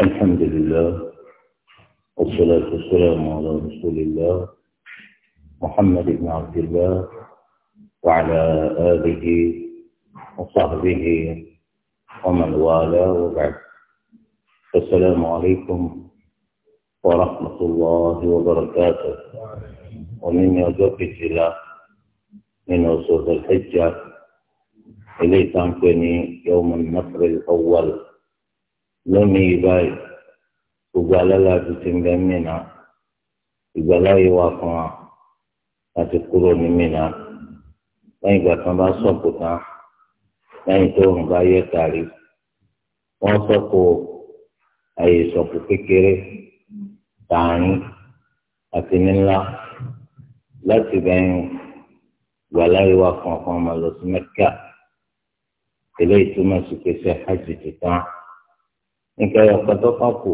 الحمد لله والصلاة والسلام على رسول الله محمد بن عبد الله وعلى آله وصحبه ومن والاه وبعد السلام عليكم ورحمة الله وبركاته ومن يوجد الجلاء من وصول الحجة إليه تنقني يوم النصر الأول lónìí yìí báyìí gbogbo alálà tó ti ń bẹ Mínà ìgbàláyé wà fún wa láti kúrò ní Mínà lẹ́yìn ìgbà tí wọ́n bá sọ̀kò tán lẹ́yìn tó ń bá yẹ tàrí wọ́n sọ̀kò àyè sọ̀kò kékeré tààrin àti nílá láti bẹ́yìn ìgbàláyé wà fún ọkàn ọmọ lọ sí Mẹ́kà eléyìí túmọ̀ sí ṣe hajj ti tán nǹkan ẹ̀yọ̀kan tó kàn kù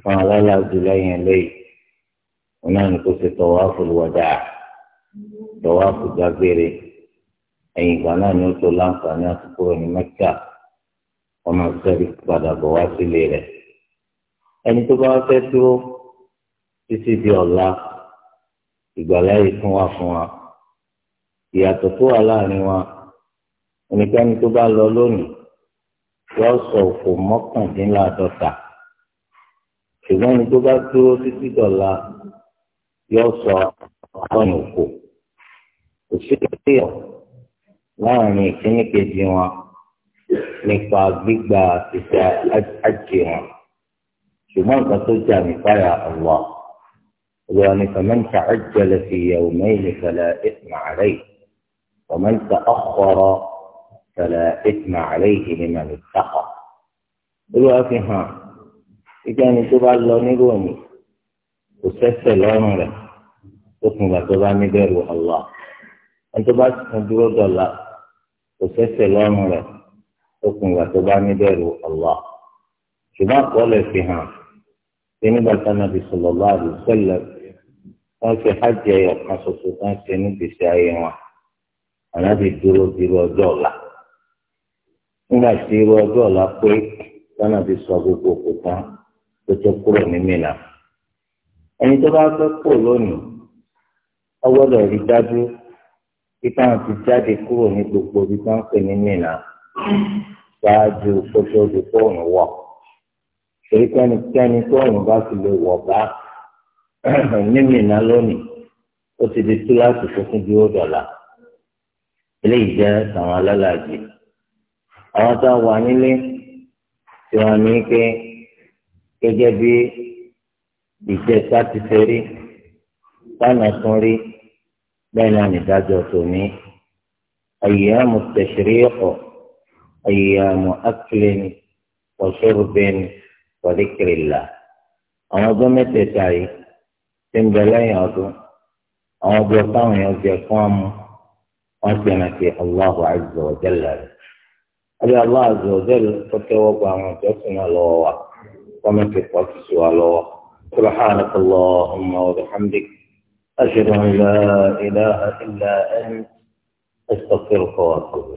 fún alálàájú lẹ́yìn lẹ́yìn wọn náà ní kó ṣe tọ̀wáfù wọ̀dà tọ̀wáfù dágbére ẹ̀yìn ìgbà náà ni ó tó láǹfààní àtúkúrò ní mẹ́kà ọmọ sẹ́rí padà bọ̀ wá sílé rẹ̀ ẹni tó bá fẹ́ dúró títí di ọ̀la ìgbàláyè fún wa fún wa ìyàtọ̀ tó wà láàrin wa ẹnikẹ́ni tó bá lọ lónìí yọ sọ òfò mọ́kàndínláàdọ́ta ṣùgbọ́n ní tó bá dúró títí dọ̀la yọ sọ ọgọ́rin òfò kò sí ìyọ̀ láàrin ìkíní kejì wọn nípa gbígba ìṣe ajé wọn ṣùgbọ́n nǹkan tó jẹ́ àmì fáyà ọ̀wọ́ ولأن فمن تعجل في يومين فلا إثم عليه ومن تأخر فلا إثم عليه لمن اتقى olúwa fi hàn ike ẹni tó bá lọ nílùú òní kò sẹ́sẹ̀ lọ́rùn rẹ̀ tó kùn gbà tó bá níbẹ̀rù Allah ẹni tó bá sùn dúró dọ̀la kò sẹ́sẹ̀ lọ́rùn rẹ̀ tó kùn gbà tó bá níbẹ̀rù Allah ṣùgbọ́n àkọọ́lẹ̀ fi hàn pé nígbà táwọn àbí sallallahu alaihi wasallam wọ́n ṣe hajj ẹyọ kan ṣoṣo tó ń ṣe níbi ìṣe ayé wọn àná ti dúró dúró ọjọ́ ọ̀la nígbà tí irú ọjọ́ ọ̀la pé lọ́nà ti sọ gbogbo kò tán tó tó kúrò ní Mínà ẹni tó bá fẹ́ kó lónìí ó gbọ́dọ̀ rí dájú bí táwọn ti jáde kúrò ní gbogbo bí táwọn pè ní Mínà ṣáájú kótó ti fóònù wọ̀ èyí kẹ́nikẹ́ni fóònù bá ti lè wọ̀ bá ní Mínà lónìí ó ti di túláàsì tó fún bí ó dọ̀la eléyìí jẹ́ àwọn alálàájì àwọn tá a wà nílé tí wọn ní pé gẹ́gẹ́ bí ìjẹta ti fẹ́ rí lánàá tún rí bẹ́ẹ̀ náà nìdájọ́ tòní أيام التشريق أيام أكل وشرب وذكر الله àwọn ọdún mẹ́tẹ̀ẹ̀ta yìí ti ń bẹ lẹ́yìn ọdún àwọn ọdún táwọn èèyàn jẹ fún ọmọ wọn ti rántí Allahu azza wa àbí Allah azza wa jalla tó tẹ́wọ́ gba àwọn ìjọsìn náà lọ́wọ́ wa wọ́n mọ̀ sí pọ̀ sí wa lọ́wọ́ subhanaka Allahumma wa bihamdik ashhadu an ilaha illa anta astaghfiruka wa atubu